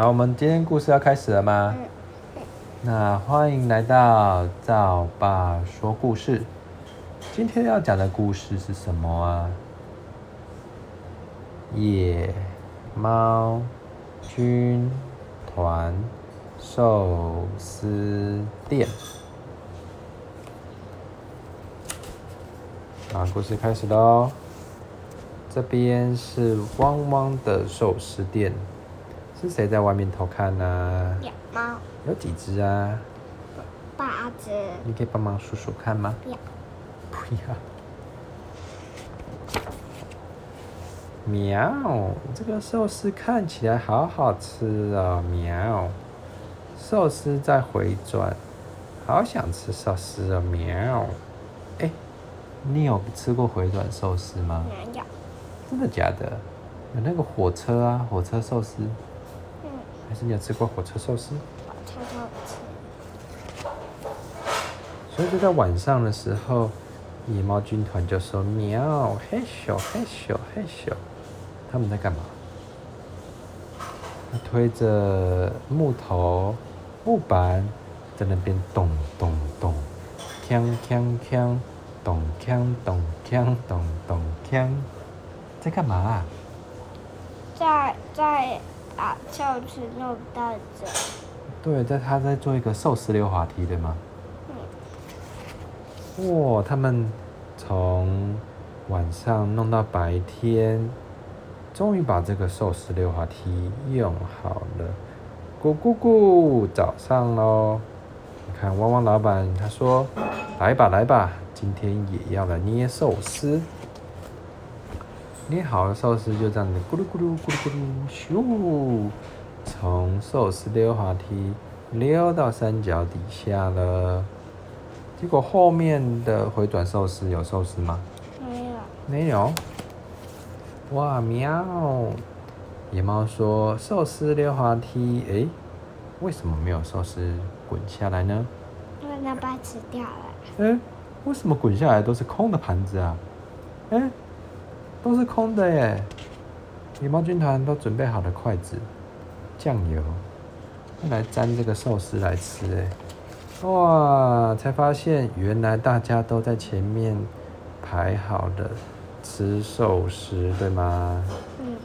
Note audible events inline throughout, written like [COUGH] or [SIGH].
好，我們今天故事要開始了嗎？嗯嗯、那歡迎來到造爸說故事。今天要講的故事是什麼啊？野貓軍團壽司店。好，故事開始嘍。這邊是汪汪的壽司店。是誰在外面偷看呢？野貓。有幾隻啊？八隻。你可以幫忙數數看嗎？不要，不要喵！這個壽司看起來好好吃啊！喵！壽司在回轉，好想吃壽司啊！喵！欸，你有吃過回轉壽司嗎？喵真的假的？有那個火車啊，火車壽司。還是你有吃過火車壽司？火車壽司。所以就在晚上的時候，野貓軍團就說：“喵，嘿咻，嘿咻，嘿咻，他們在幹嘛？”他推着木頭、木板，在那邊咚咚咚、鏘鏘鏘、咚鏘、咚鏘、咚咚鏘，在幹嘛啊？在在。啊，上、就、去、是、弄到這。對，在他在做一個壽司溜滑梯，對嗎？哇、嗯哦，他們從晚上弄到白天，終於把這個壽司溜滑梯用好了。咕咕咕，早上嘍！你看，汪汪老闆他說：“嗯、來吧，來吧，今天也要來捏壽司。”捏好了壽司，就這樣子咕嚕咕嚕咕嚕咕嚕咻，從壽司溜滑梯溜到山腳底下了。結果後面的回轉壽司有壽司嗎？沒有。沒有。哇喵！野貓說，壽司溜滑梯，哎、欸，為什麼沒有壽司滾下來呢？因為被他爸吃掉了。哎、欸，為什麼滾下來都是空的盤子啊？哎、欸。都是空的耶！野貓軍團都準備好了筷子、醬油，用來沾這個壽司來吃耶。哇，才發現原來大家都在前面排好了吃壽司，對嗎？嗯。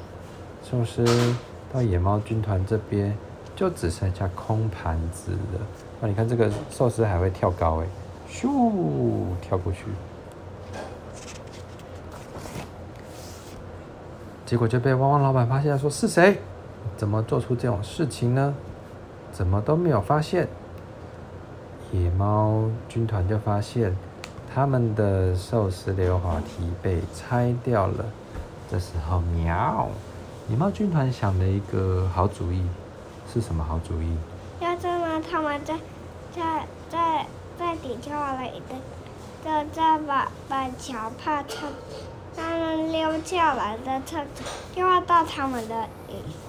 壽司到野貓軍團這邊就只剩下空盤子了。那你看這個壽司還會跳高耶，咻，跳過去。結果就被汪汪老板發現了，說是誰？怎麼做出這種事情呢？怎麼都沒有發現？野貓軍團就發現他們的壽司溜滑梯被拆掉了。這時候，喵！野貓軍團想了一個好主意，是什麼好主意？要在呢，他們在在在在底下了一個，就在把板橋怕他。他們溜下來的車，又要到他們的。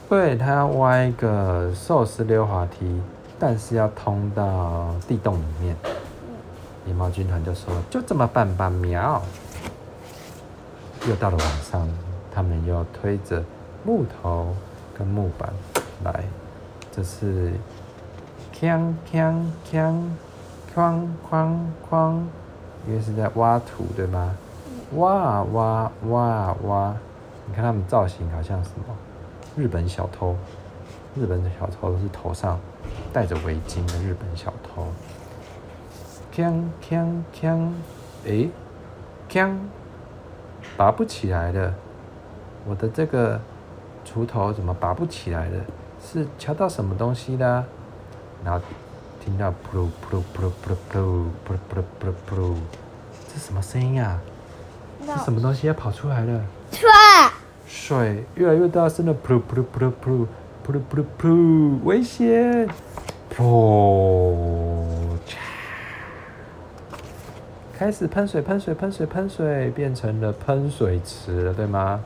對，他要挖一個壽司溜滑梯，但是要通到地洞裡面。嗯、野貓軍團就說：“就這麼辦吧，喵。”嗯、又到了晚上，他們又推着木頭跟木板來，這是哐哐哐哐哐哐，鏘鏘鏘鏘鏘鏘鏘，因為是在挖土，對嗎？哇哇哇哇，你看他們造型好像什麼？日本小偷，日本的小偷是頭上戴着圍巾的日本小偷。鏘鏘鏘！誒，鏘、欸！拔不起來了。我的這個鋤頭怎麼拔不起來了？是敲到什麼東西了？然後聽到噗嚕噗嚕噗嚕噗嚕噗嚕噗嚕噗嚕，這什麼聲音啊？是什麼東西要跑出來了？水，水越來越大聲了，噗嚕噗嚕噗嚕噗嚕噗嚕噗嚕，危險！噗，嚓！開始噴水，噴水，噴水，噴水，變成了噴水池了，對嗎？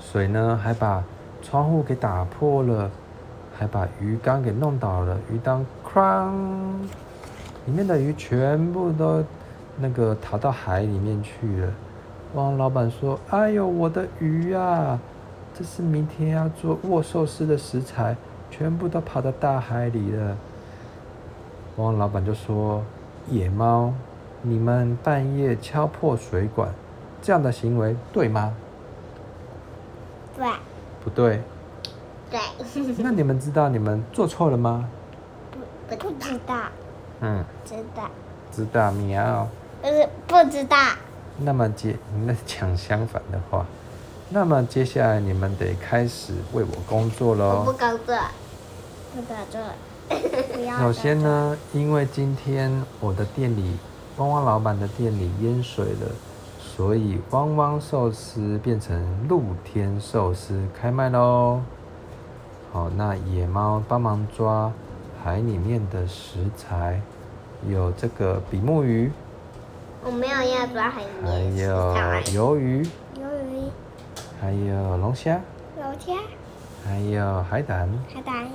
水呢，還把窗戶給打破了，還把魚缸給弄倒了，魚缸哐！裡面的魚全部都。那個逃到海裡面去了。汪老闆說：“哎呦，我的魚呀，啊，這是明天要做握壽司的食材，全部都跑到大海裡了。”汪老闆就說：“野貓，你們半夜敲破水管，這樣的行為對嗎？”對。不對。對。那你們知道你們做錯了嗎？不，不，不知道。嗯。知道。知道，喵。呃，是、嗯、不知道。那麼接那講相反的話，那麼接下來你們得開始為我工作嘍。我不工作，不工作。首先呢，因為今天我的店裡、汪汪老闆的店裡淹水了，所以汪汪壽司變成露天壽司開賣嘍。好，那野貓幫忙抓海裡面的食材，有這個比目魚。我沒有要抓海魚，魷魚，還有魷魚，魷魚蝦，還有龍蝦，龍蝦，還有海膽，海膽膽，還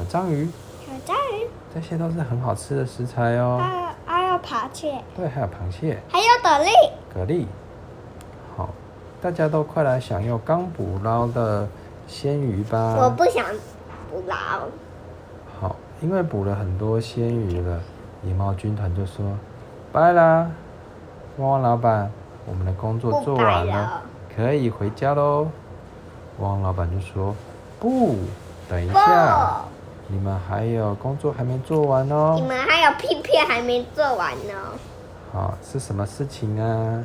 有章魚，還有章魚，這些都是很好吃的食材哦。還有還有螃蟹，對，還有螃蟹，還有蛤蜊，蛤蜊。好，大家都快來享用剛捕撈的鮮魚吧！我不想捕撈。好，因為捕了很多鮮魚了，野貓 [LAUGHS] 軍團就說拜啦。汪王老板，我們的工作做完了，了可以回家嘍。汪王老板就說：“不，等一下，不你們還有工作還沒做完哦。”你們還有屁屁還沒做完呢。好，是什麼事情啊？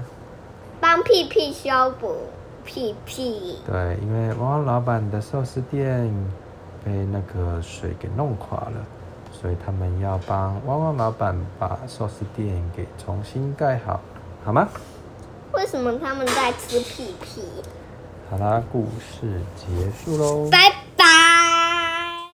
幫屁屁修補屁屁。對，因為汪王老板的壽司店被那個水給弄垮了，所以他們要幫汪汪老板把壽司店給重新蓋好。好嗎？為什麼他們在吃屁屁？好啦，故事結束嘍，拜拜。